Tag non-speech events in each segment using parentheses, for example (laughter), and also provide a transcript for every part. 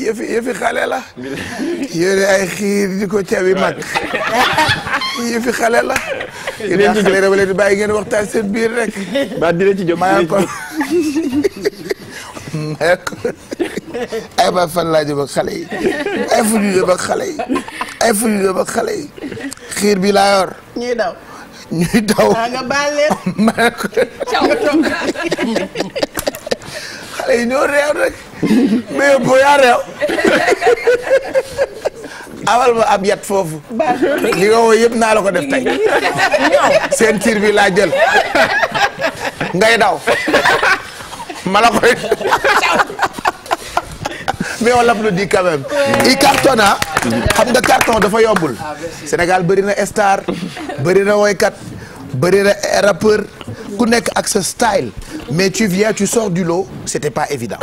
yëfi yëfi xale la. yore ay xiir di ko cawi mag. (laughs) yëfi xale la. dinañ ci jóg xale bàyyi ngeen waxtaan seen biir rek. (laughs) ba dinañ ci jóg maa ko (laughs) maa ko ay ba fan laa jëm ak xale yi ay fu ñu jëm ak xale yi ay fu ñu jëm ak xale yi xiir bi laa yor. ñuy daw. ñuy daw ah nga baal leen. maa ko xale yi ñoo réew rek. mais boo yaa awal ma ab yat foofu li nga yëpp naa la ko def tey seen tiir bi laa jël ngay daw ma la koy mais on l'applaudit quand même i carton xam nga carton dafa yombul Sénégal bëri na star bëri na woykat bëri na ku nekk ak sa style mais tu viens tu sors du lot c'était pas évident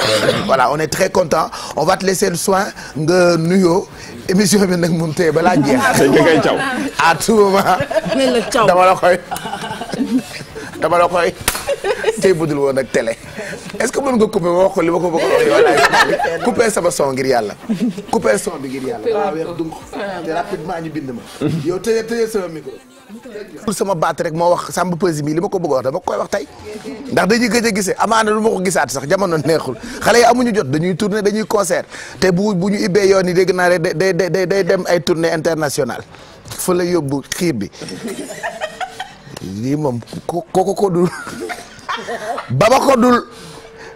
voilà on est très content on va te laisser le soin nga nuyoo émission bi nag moom tey balaa jeex. (laughs) à tout moment dama la koy (laughs) tey budul woon ak télé est-ce que man nga couper ma wax ko li ma ko bëgg a wax sama son ngir yàlla couper son bi ngir yàlla ah, waaw ma yow tëjee tëjee sama baat rek moo wax Samba Peuzzi mii li ma ko bëgg a wax dama koy wax tey ndax dañuy gëj a gisee amaana lu ma ko gisaat sax jamono neexul xale yi amuñu jot dañuy tournée dañuy concert te bu bu ñu ibbee yoon yi dégg naa rek day day day dem ay tournée internationale fa la yóbbu xiib bi lii moom ko ko ko dul (laughs) baba ko dul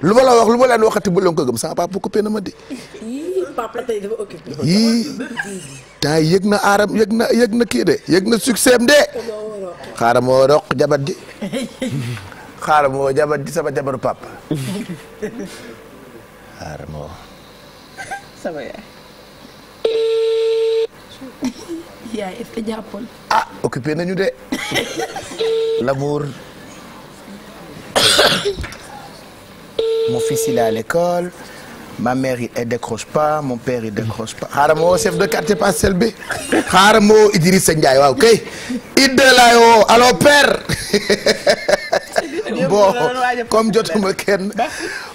lu ma la wax lu ma leen waxati bu leen ko gëm papa coupé na ma di. yii papa tey dafa occupé. yii temps na aaram yëg na yëg na kii na succès am de. xaaral moo roq jabat ji xaaral moo jabat ji sama jabaru papa. xaaral moo. sama yaay. yaay est-ce (coughs) mon fils il est décroche pas mon père il décroche pas xaaral ma woo chef de quartier Parcelles bi xaaral ma woo Idrissa Ndiaye waaw kay Idda laay woo allo père (laughs) bon comme jotuma kenn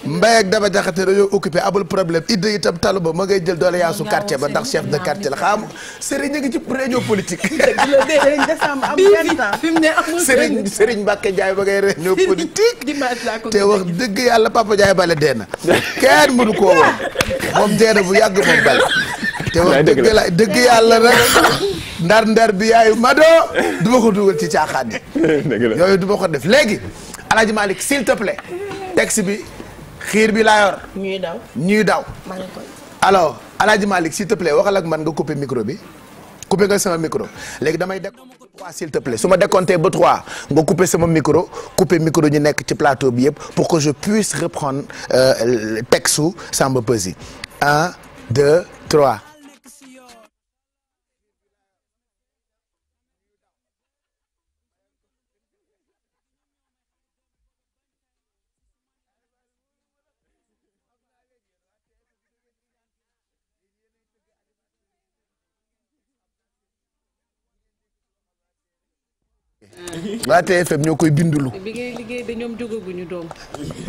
Mbaye ak Daba Jaxate dañoo occupé abul problème idée itam talu ba ma ngay jël doole yaasu quartier ba ndax chef de quartier la xam Serigne ñu ngi ci réunion politique. Serigne Serigne Mbacke Ndiaye ba ngay réunion politique te wax dëgg yàlla Papa Ndiaye bale dee na kenn mënu koo woon moom dee na bu yàgg moom bale te wax dëgg la dëgg yàlla rek ndar ndar bi yaayu ma du ma ko dugal ci caaxaan yi (laughs) yooyu du ma ko def léegi Alaaji Malick s'il te plaît texte bi xiir bi laa yor. ñuy daw ñuy daw. maa ngi koy alors Alaaji Malick s'il te waxal ak man nga couper micro bi couper nga sama micro léegi damay dégg. waaw s'il te plaît su ma décompté ba trois nga couper sama micro couper micro ñu nekk ci plateau bi yëpp pour que je puisse reprendre euh, texte su Samba Peuzzi un deux trois. waa TFM ñoo koy bindulu. bi ngay liggéey de ñoom jógaguñu doom.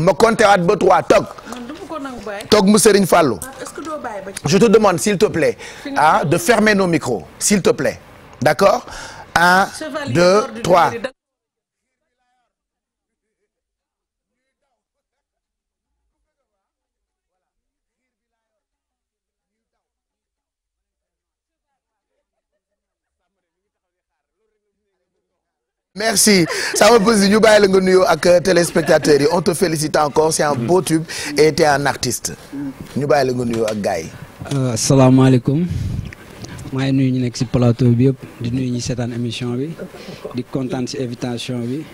ma compté waat ba trois toog. toog mu Serigne Fallou. Ah, est je te demande s'il te plaît. Ah, de fermer nos micros s'il te plaît. d'accord un trois. merci Sama Peuzzi ñu bàyyi la nga nuyoo ak euh, téléspectateurs yi on te félicite encore c'est un beau tube et t'es un artiste ñu bàyyi la nga nuyoo ak gars yi. Euh, asalaamaaleykum maa ngi nuyu ñu nekk ci plateau bi yëpp di nuyu ñi seetaan émission bi di kontaan ci invitation bi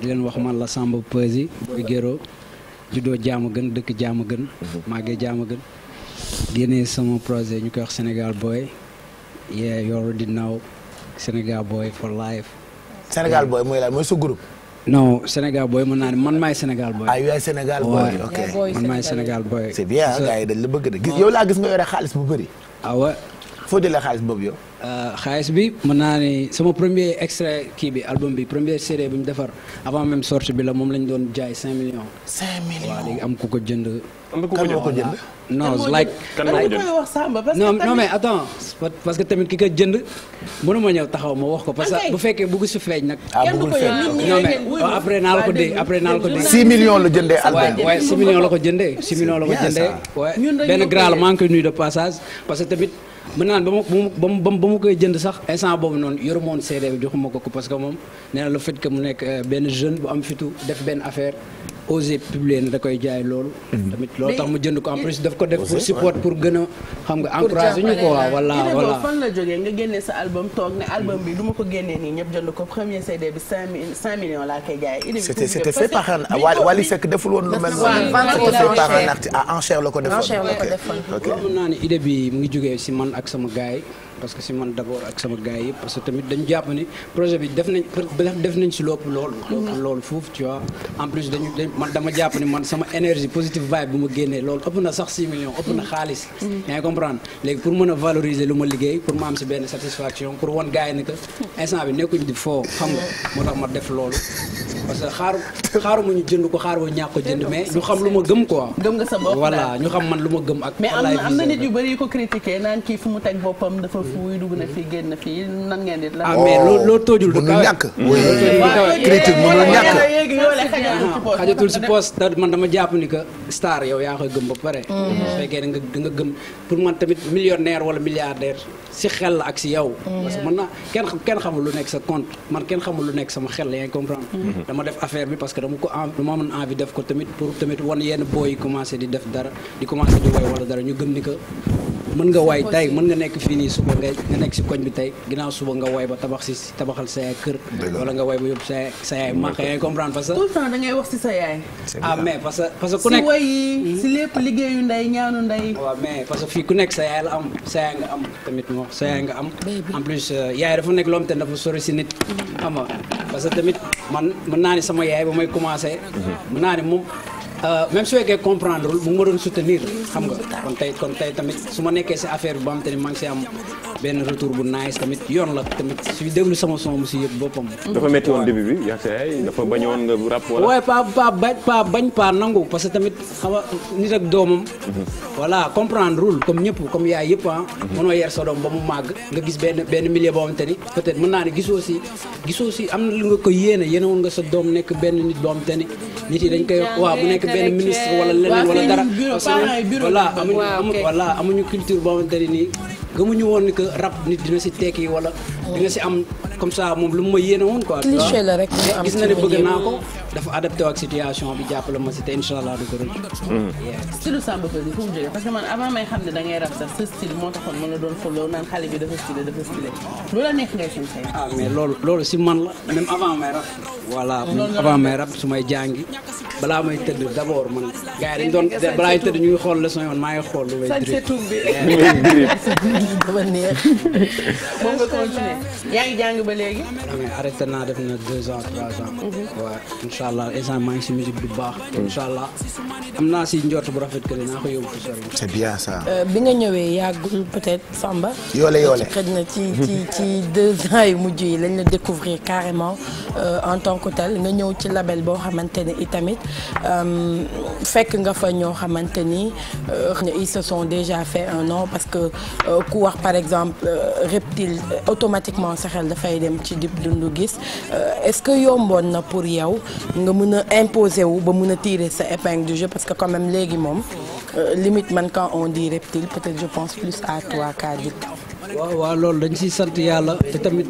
di leen wax man la Samba Peuzzi booy géro juddoo jaama gën dëkk jaama gën mhm. màggee jaama gën génnee sama projet ñu koy wax Sénégal Boy yeah you're already know Sénégal Boy for life Sénégal Boy mooy lan mooy sa groupe. non Sénégal Boy mën naa ne man maay Sénégal Boy. ah yaay Sénégal Boy ok man maay Sénégal Boy. c'est bien gars yi dañ la bëgg de gis yow laa gis nga yore xaalis bu bëri. ah foo jëlee xaalis boobu euh, bi mën naa ni sama premier extrait kii bi album bi première série bu ñu defar avant même sortie bi la moom lañ doon jaay 5 millions. 5 millions waaw léegi am ku ko jënd. am na ku ko jënd non bu fekkee bëgg su feeñ ah, la ko dee album bi waaw 6 la ko jëndee. 6 grand la maa ngi koy nuyu de passage parce tamit. mën naan ba ma ba mu ba mu koy jënd sax instant boobu noonu yoruma woon CD bi joxuma ko ko parce que moom nee na le ko mu nekk euh, benn jeune bu am fitu def benn affaire osé publier ne da koy jaay loolu. Mm. tamit loolu tax mu jënd ko en plus daf ko def pour support pour gën xam nga encouragé ñu ko waaw voilà voilà fan la jógee nga génnee sa album toog ne album bi du ma ko génnee nii ñëpp jënd ko premier CD bi 5 5 millions laa koy jaayee. c'était c'était fait par un Wally Seck deful woon lu mel noonu. c'était fait par un artiste à enchère la ko defoon. enchère la naa ne idée bi mu ngi jógee si man ak sama gars yi parce que si man d'abord ak sama gars yi parce que tamit dañu jàpp ni projet bi def nañ def nañ si loolu. lopp mhm. loolu foofu tu vois. en plus dañu man dama jàpp ni man sama énergie positive vibe bu ma génnee loolu ëpp na sax 6 millions ëpp na mhm. xaalis. Mhm. yaa ngi comprendre léegi pour mën a valoriser lu ma liggéey pour ma am si benn satisfaction pour wan gaay yi ni que instant bi nekkuñ di foo xam nga moo tax ma def loolu. parce que xaaru xaaru ma ñu jënd ko xaaru ma ñàkk ko jënd mais ñu xam lu ma gëm quoi. gëm nga sa bopp voilà ñu xam man lu ma gëm ak. mais am na nit yu bëri yu ko critiqué naan kii fu mu teg boppam dafa fuuy dugg na fii génn fii nan ngeen di. ah mais loo loo toojul du kawe ñàkk. critique mënul ñàkk. xajatul si ah, poste man dama jàpp ni que star yow yaa koy gëm ba pare. Mm. su fekkee nga da nga gëm pour man tamit millionnaire wala milliardaire si xel ak si yow. Mm. parce que mën naa kenn xamul lu nekk sa compte man kenn xamul lu nekk sama xel yaa ngi comprendre mm. dama def affaire bi parce que dama ko dama def ko tamit pour tamit wan yenn booy yi di def dara di commencé di woy wala dara ñu gëm ni que mën nga waay tey mën nga nekk fii nii suba nga nga nekk si koñ bi tey ginnaaw suba nga waay ba tabax si tabaxal sa yaay kër wala nga waay ba yóbbu sa sa yaay màq yaay comprendre sa yaay ah mais parce que parce que ku nekk si way yi hmm? si ah, mais parce que fii ku nekk sa yaay la am sa yaay nga am tamit moo sa yaay nga am en plus euh, yaay dafa nekk loom te dafa sori si nit xam hmm. nga parce que tamit man mën naa ni sama yaay ba may commencé hmm. mën naa ni moom Euh, même su fekkee comprendre mu ngi ma doon soutenir xam nga kon tey kon tamit su ma nekkee si affaire bi ba am te ni maa benn retour bu tamit yoon la tamit suy déglu sama son mu si yëpp boppam. dafa métti woon début bi yaa say dafa bañoon nga rap wala. waaye que tamit xam nga nit doomam. Mhm. voilà comprendre comme ñëpp comme yaay yëpp ah. Mhm. mënoo ba mu màgg nga gis benn benn milieu boo xamante ni peut être mën naa ne gisoo si gisoo si am na lu nga ko yéene nga sa doom nekk benn nit boo xamante ni nit yi dañ koy wax waaw bu nekk benn ministre wala leneen wala dara parce que voilà amuñu voilà amuñu culture boo xamante ne nii gëmuñu woon ni que rab nit dina si tekki wala. dina si am comme ça moom lu mu ma yéene woon quoi. cliché rek am gis na ne bëgg naa ko. dafa adapté ak situation bi jàppale ma si te incha allah du ko rëcc. Mm. style Samba que man avant may xam ne da ngay rab sax sa style moo taxoon la doon follow naan ah, loolu si man la même avant may rab. voilà avant may rab su may jàngi. balaa may tëdd d'abord man gars yi dañ doon balaa may ñu xool leçon yi man maa ngi xool lu may. (laughs) (laughs) lii dafa neex. (laughs) moom nga continuer yaa ngi jàng ba léegi. mais arrêté naa def na deux ans trois ans. waaw mhm. allah instant maa si musique bu baax. incha allah am naa si njort bu rafet que ne naa ko yóbbu si sori. c'est euh, bi nga ñëwee yàggul peut-être Samba. yoole yoole xëj na ci ci deux (laughs) ans yu mujj yi lañ la découvrir carrément euh, en tant que tel nga ñëw ci label boo xamante ne itamit euh, fekk nga fa ñoo xamante ni ils se sont déjà fait un nom parce que. ku par exemple euh, reptile euh, automatiquement sa xel dafay dem ci dib dundu gis euh, est-ce que yomboon na pour yow nga mën a imposer wu ba mën a tiire sa épingle du jeu parce que quand léegi moom limite man quand on dit reptile peut-être je pense plus à toi qu'à Dick waaw waaw loolu dañ ciy sant yàlla te tamit.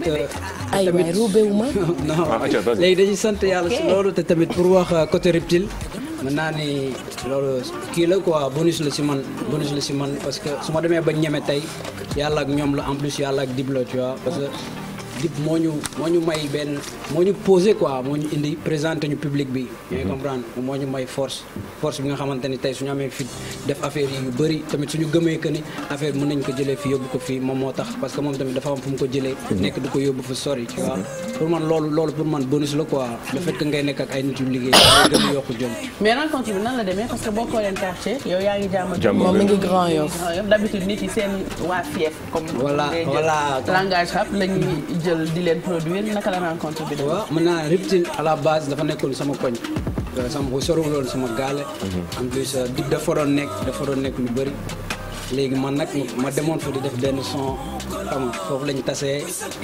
ay ma. (laughs) non ah, léegi dañuy sant yàlla si loolu te tamit pour wax côté reptile. mën naa ni loolu kii la quoi bonus la si man bonus la si man parce que su ma demee ba ñeme tey yàlla ak ñoom la en plus yàlla ak dib la tu vois dib moo ñu may benn moo ñu posé quoi moo ñu indi présenté ñu public bi. ñooy comprendre moo ñu may force force bi nga xamante ni suñu amee fit def affaire yi yu bëri tamit suñu gëmee que affaire bi nañ ko jëlee fi yóbbu ko fii moom moo tax parce que moom tamit dafa am fu mu ko jëlee. nekk du ko yóbbu fa sori. pour man loolu pour man bonus la quoi. le fait ngay nekk ak ay nit yu liggéey da ngay gën a yokk mais rencontre bi nan la demee parce que jël di leen produire naka la bi demee. waaw mën naa Riptine à la base dafa nekkoon sama koñ. Euh, sama bu loolu sama gaale. Mhm. en plus euh, dig dafa doon nekk dafa doon nekk lu bëri. léegi man nag ma demoon fa di def benn son xam foofu lañ tasee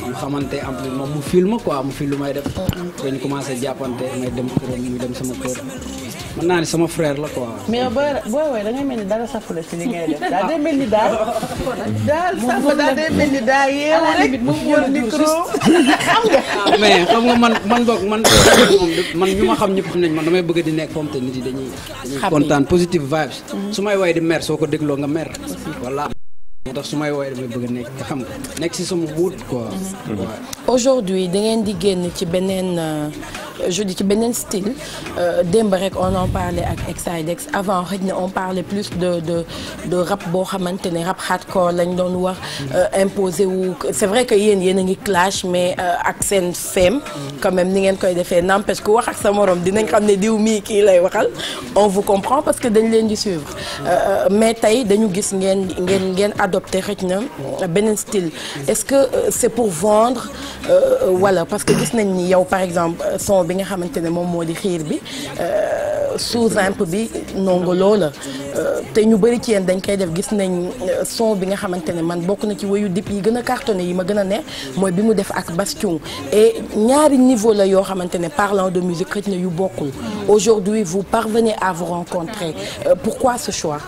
mu xamante en plus moom mu film ko mu lu may def. Mhm. dañ commencé jàppante may dem kuréel mu dem sama kër. mën naa ni sama frère la quoi. mais booy booy woy da ngay mel ni dara safu la ci li ngay def daal day mel ni daal. daal daal day mel ni daal yeewu rek mu (laughs) xam nga man man man man ñu ma xam ñëpp nañ man damay bëgg di nekk foom te nit yi dañuy. dañuy positive vibes. Mhm. su may woy di mer soo ko dégloo nga mer. voilà. moo tax su may woy damay bëgg nekk xam nga nekk si sama wut quoi. Mhm. aujourd'hui da ngeen di ci beneen. Euh, je dis ci beneen style euh, démb rek on en parlait ak Exidex avant xëy na on parlait plus de de de rap boo xamante ne rap hardcore lañ doon wax euh, imposé wu c'est vrai que yéen yéen a ngi clash mais euh, ak seen feem quand même ni ngeen koy defee n'empêche que wax ak sa morom dinañ xam ne diw mii kii lay waxal on vous comprend parce que dañ leen di suivre mais tey dañu gis ngeen ngeen ngeen adopté xëy na beneen style est-ce que c'est pour vendre wala parce que gis nañ ni yow par exemple son bi nga xamante ne moom moo di xiir bi euh, sous-imp bi nongoloo la euh, te ñu bëri ci yéen dañ koy def gis nañ euh, son bi nga xamante ne man bokk na ci wayu dip yi gën a cartonné yi ma gën a ne mooy bi mu def ak Bastion et ñaari niveau la yoo xamante ne parlant de musique xëj na yu bokkul aujourd'hui vous parvenez à vous rencontrer pourquoi ce choix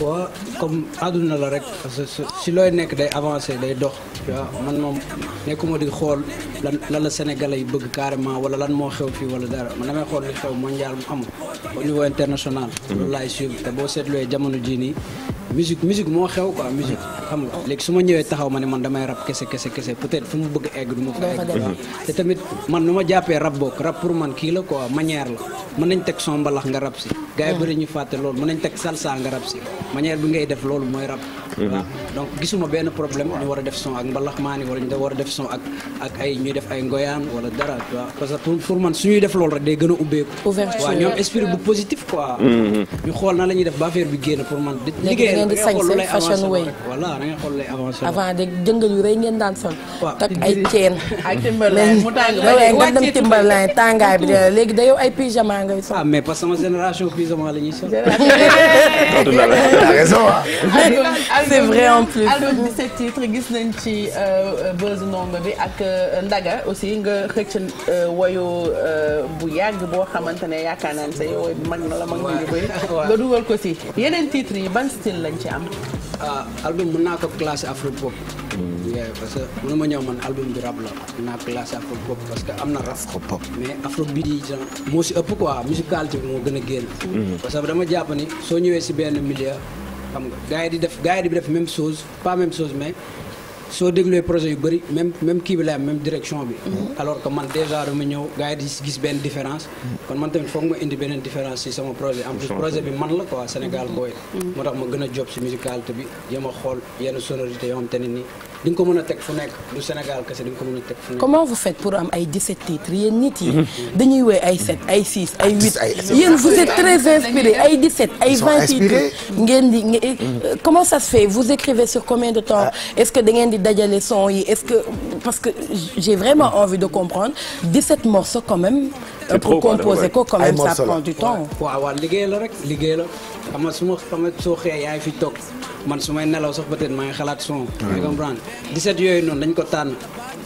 waa comme àdduna la rek parce que si looy nekk day avancer day dox tu vois man moom nekkuma di xool lan lan la Sénégalais yi bëgg carrément wala lan moo xew fii wala dara man damay xool li xew mondial mu am au niveau international. loolu laay te boo seetluwee jamono jii nii musique musique moo xew quoi musique xam léegi su ma ñëwee taxaw ma ne man damay rab kese kese kese peut-être fu mu bëgg egg du ma ko egg te tamit man nu ma jàppee rap bokk rap pour man kii la quoi manière la mën nañ teg son mbalax nga rab si gars yi bëri ñu fàtte loolu mën nañ teg salsa nga rap si manière bi ngay def loolu mooy rab. Mhm. donc gisuma benn problème ñu war a def son ak mbalaxmaani wala ñu war a def son ak ak ay ñuy def ay ngoyaan wala dara tu vois parce que pour pour man suñuy def loolu rek day gën a ubbeeku waaw ñoom esprit bu positif quoi mm-hmm. ñu xool na la ñuy def ba affaire bi génn pour man liggéey da ngeen di sañ seen fashion way voilà da ngeen xool lay avancé avant de jëngal yu rëy ngeen daan sol tak ay ceen ak Timberland mu tàng nga dem Timberland tàngaay bi dina léegi da yow ay pyjama ngay sol ah mais parce que sama génération pyjama la ñuy sol (laughs) c'est vrai en plus album 17 titres gis nañ ci euh, euh, buzz nombre bi ak euh, Ndaga aussi nga xëcc woyu bu yàgg boo xamante ne yaakaar naa ne sa woy mag na la mag na ñu nga dugal ko si yeneen titres yi ban style lañ ci am. ah album mën naa ko classé afro pop. yeah parce que mënu ma ñëw man album bi rap la mën naa classé afro pop parce que am na rap. afro pop mais afro bii di genre moo si ëpp quoi musicalité bi moo gën a génn. Mm-hmm. parce que dama jàpp ni soo ñëwee si benn milieu. xam nga gars yi di def gars yi bi def même chose pas même chose mais soo dégluwee projet yu bëri même même kii bi la am même direction bi. Mhm. alors que man déjà dama ñëw gars yi di gis benn différence. Mhm. kon man tamit foog ma indi beneen différence ci sama projet. en plus projet bi man la quoi Sénégal mhm. booy. moo tax ma gën a job ci musicalité bi jéem a xool yenn sonorités yoo xam te ne nii. di nga ko mën a teg fu nekk du Sénégal kese di a teg fu nekk. comment vous faites pour am ay 17 titres yéen nit yi. Mhm. dañuy woy ay 7 ay 6 ay 8. ay vous êtes très inspiré ay 17 ay 20 titres ngeen di mhm. euh, comment ça se fait vous écrivez sur combien de temps ah. est-ce que da ngeen di dajale son yi ce que parce que j'ai vraiment envie de comprendre 17 morceaux quand même. Euh, pour composer ko quand même ça prend du temps. waaw waaw liggéey la rek liggéey la xam nga su ma xam nga soo xëyee yaay fi toog man su may nelaw sax peut-être maa ngi xalaat son. nga comprendre 17 yooyu noonu dañ ko tànn.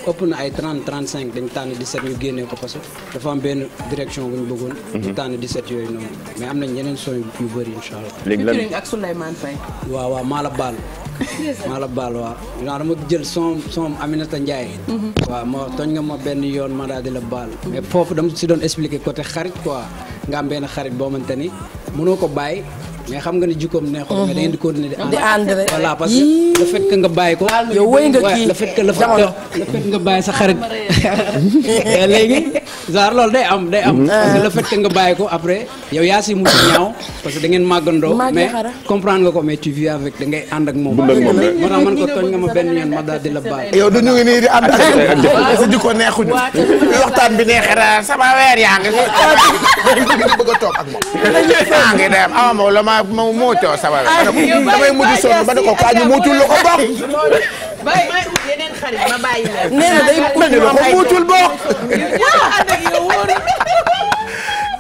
ëpp na ay 30 35 dañ tànn 17 ñu génnee ko parce que dafa am benn direction bu ñu bëggoon. Mhm. ñu tànn 17 yooyu noonu mais am nañ yeneen son yu bëri incha allah. léegi lan ak waaw waaw maa la baal. (laughs) maa la baal waaw. non dama jël son son Aminata Ndiaye. Mhm. waaw ma tooñ nga ma benn yoon ma daal di la baal. mais foofu dama si doon expliquer côté xarit quoi nga am benn xarit boo xamante ni mënoo ko bàyyi. mais xam nga ni jikkoom neexoon mais da ngeen di continuer di ànd. di ànd rek voilà parce que le fait que nga bàyyi ko. yow wëy nga kii le fait que le fait nga bàyyi sa xarit. (laughs) léegi genre loolu day am day am. Mm-hmm. parce que le fait que nga bàyyi ko après yow yaa si mujj ñaaw parce que da ngeen màggandoo. mais comprendre nga ko mais tu vis avec da ngay ànd moom. dund ak moom rek moo tax man ko tooñ nga ma benn yoon ma daal di la baal. yow du ngi nii di ànd ak (laughs) sa jikko neexuñu waxtaan bi neexee sama weer yaa ngi (laughs) bëgg a ak moom. ngi dem amoo la ma ma mootoo sawar damay ne ko kaa ñu muutul la ko bokk. nee na day mel bokk.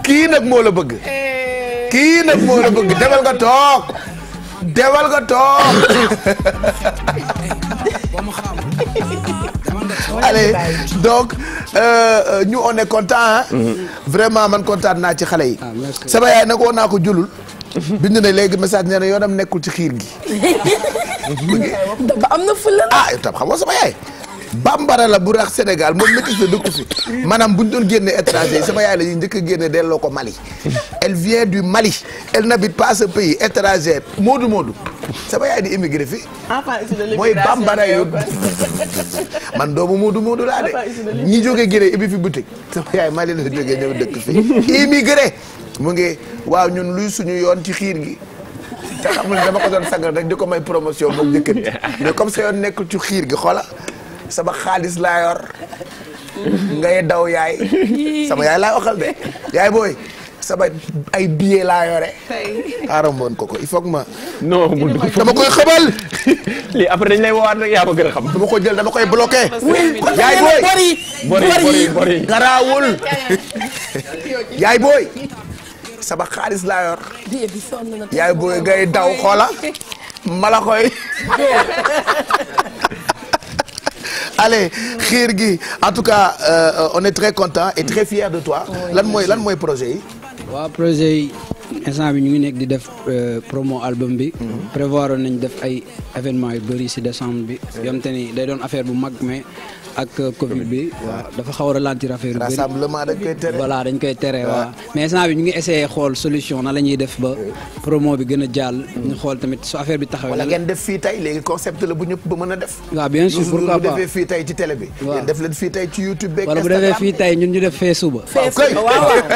kii nag moo la bëgg. Eh. kii nag moo la bëgg demal nga toog. demal nga toog. allez donc euh, euh, ñu on est mm-hmm. vraiment man kontaan naa ci xale yi. Ah, sama yaay nag woon naa ko julul. bind na léegi message nee na yoonam nekkul ci xiir gi. am na fulla la. ah itam xam nga sama ba bambara la bu rax Sénégal moom métis la dëkku fi maanaam bu ñu doon génne étranger sama yaay la ñuy njëkk a génne delloo ko Mali. elle vient du Mali. elle n'habite pas ce pays étranger Moodu Moodu. sama yaay di immigré fi. ba bambara yo man doomu Moodu Moodu laa de. ñi jógee Guinée ibi fi boutique. sama Mali la jógee ñëw dëkk fi immigré. mu ngi waaw ñun luy suñu yoon ci xiir gi te xam dama ko doon sagal rek di ko may promotion moom jëkkër ji mais comme sa yoon nekkul ci xiir gi xoola sama xaalis laa yor ngay daw yaay sama yaay laa waxal de yaay booy sama ay billet laa yore. xaaral woon ko ko il faut ma. non mu dama koy xamal. dañ lay woowaat rek yaa a xam. dama ko jël dama koy bloqué. yaay booy bori (laughs) yaay booy. sama xaalis laa yor. yaay booy ngay daw xoola mala koy. (laughs) en tout cas euh, on est très content et très fier de toi. lan mooy lan projet yi. instant bi ñu ngi nekk di def euh, promo album bi. Mhm. prévoir nañ def ay événements yu bëri si décembre bi. yom te ni day doon affaire bu mag mais ak euh, Covid bi. dafa xaw a ralentir affaire bëri. rassemblement dañ koy tere. voilà mais instant bi ñu ngi essayé xool solution na la ñuy def ba promo bi gën a jàll. Mhm. ñu xool tamit su affaire bi taxawee. wala ngeen def fii tey léegi concept la bu ñëpp ba mën a def. defee fii tey ci télé bi. waaw bu defee fii tey ñun ñu def fee suba. fee ah, suba waaw waaw. (laughs)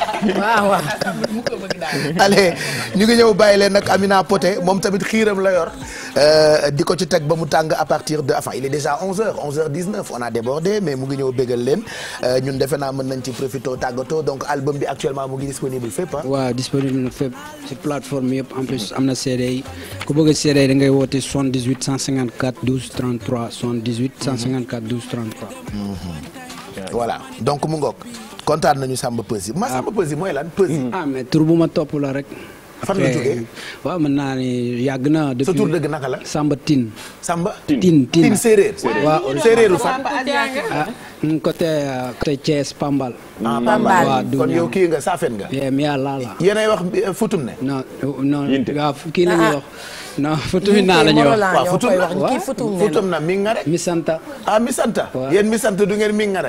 (laughs) waaw waaw allez ñu ngi ñëw bàyyi leen nag Amina Poté moom tamit xiiram la yor euh, di ko ci teg ba mu tàng à partir de enfin il est déjà 11h 11h19 on a débordé mais mu ngi ñëw bégal leen euh, ñun defe naa mën nañ ci profito tàggatoo donc album bi actuellement mu ngi disponible fépp ah. waaw disponible na fépp ci plateforme yëpp en plus am na CD yi ku bëgg a CD yi da ngay woote 78 154 12 33 78 154 12 33. voilà donc mu ngoog kontaan nañu Samba Peuzzi ma Samba Peuzzi mooy lan Peuzzi. Mm. ah mais bu ma topp rek. fan nga jógee waaw mën naa ne yàgg na. depuis dëgg naka la. Samba Tine. Samba Tine Tine séeréer. waaw séeréeru fan. Ah, côté euh, côté Pambal. Mm. ah Pambal kon yow kii nga saafeen nga. Eh, mi yàlla la. yéenay wax eh, futum ne. non non waaw kii la ñuy ah, ah. wax. futum na mi nga mi santa. ah mi santa. waaw mi santa du ngeen mi nga (laughs)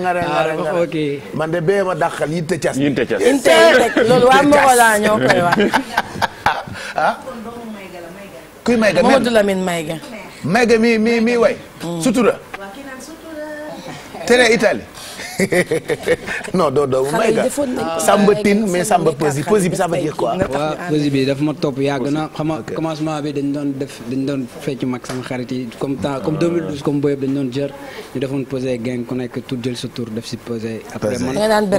ah, ok. man bee ma dàqal yitte cas. yitte cas yitte rek loolu waa Morola ñoo (laughs) kuy Mayga même mi way. Mm. sutura. tere Italie. (laughs) non doo doo may ga samba tin mais samba posi posi bi bi daf doon def dañ doon fecc mag yi comme temps comme 2012 ah. comme booy yëpp dañ doon jër ñu defoon posé gang ku si posé. après man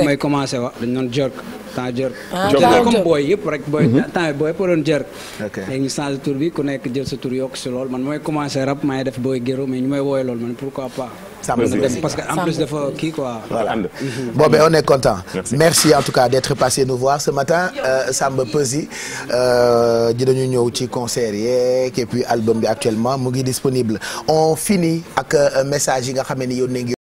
may wa dañ doon jër temps jër. Ah, comme booy yëpp rek booy mhm. temps booy yëpp ku nekk jël sa tour yokk si lool mooy commencé rap maay def booy géro mais ñu may wooye lool man pourquoi pas. parce que en plus dafa kii quoi. voilà (laughs) bon ben on est content merci. merci en tout cas d'être passé nous voir ce matin euh, Samba Peuzzi euh, di dañu ñëw ci concert yeeg et puis album bi actuellement mu ngi disponible on finit ak euh, message yi nga xam ne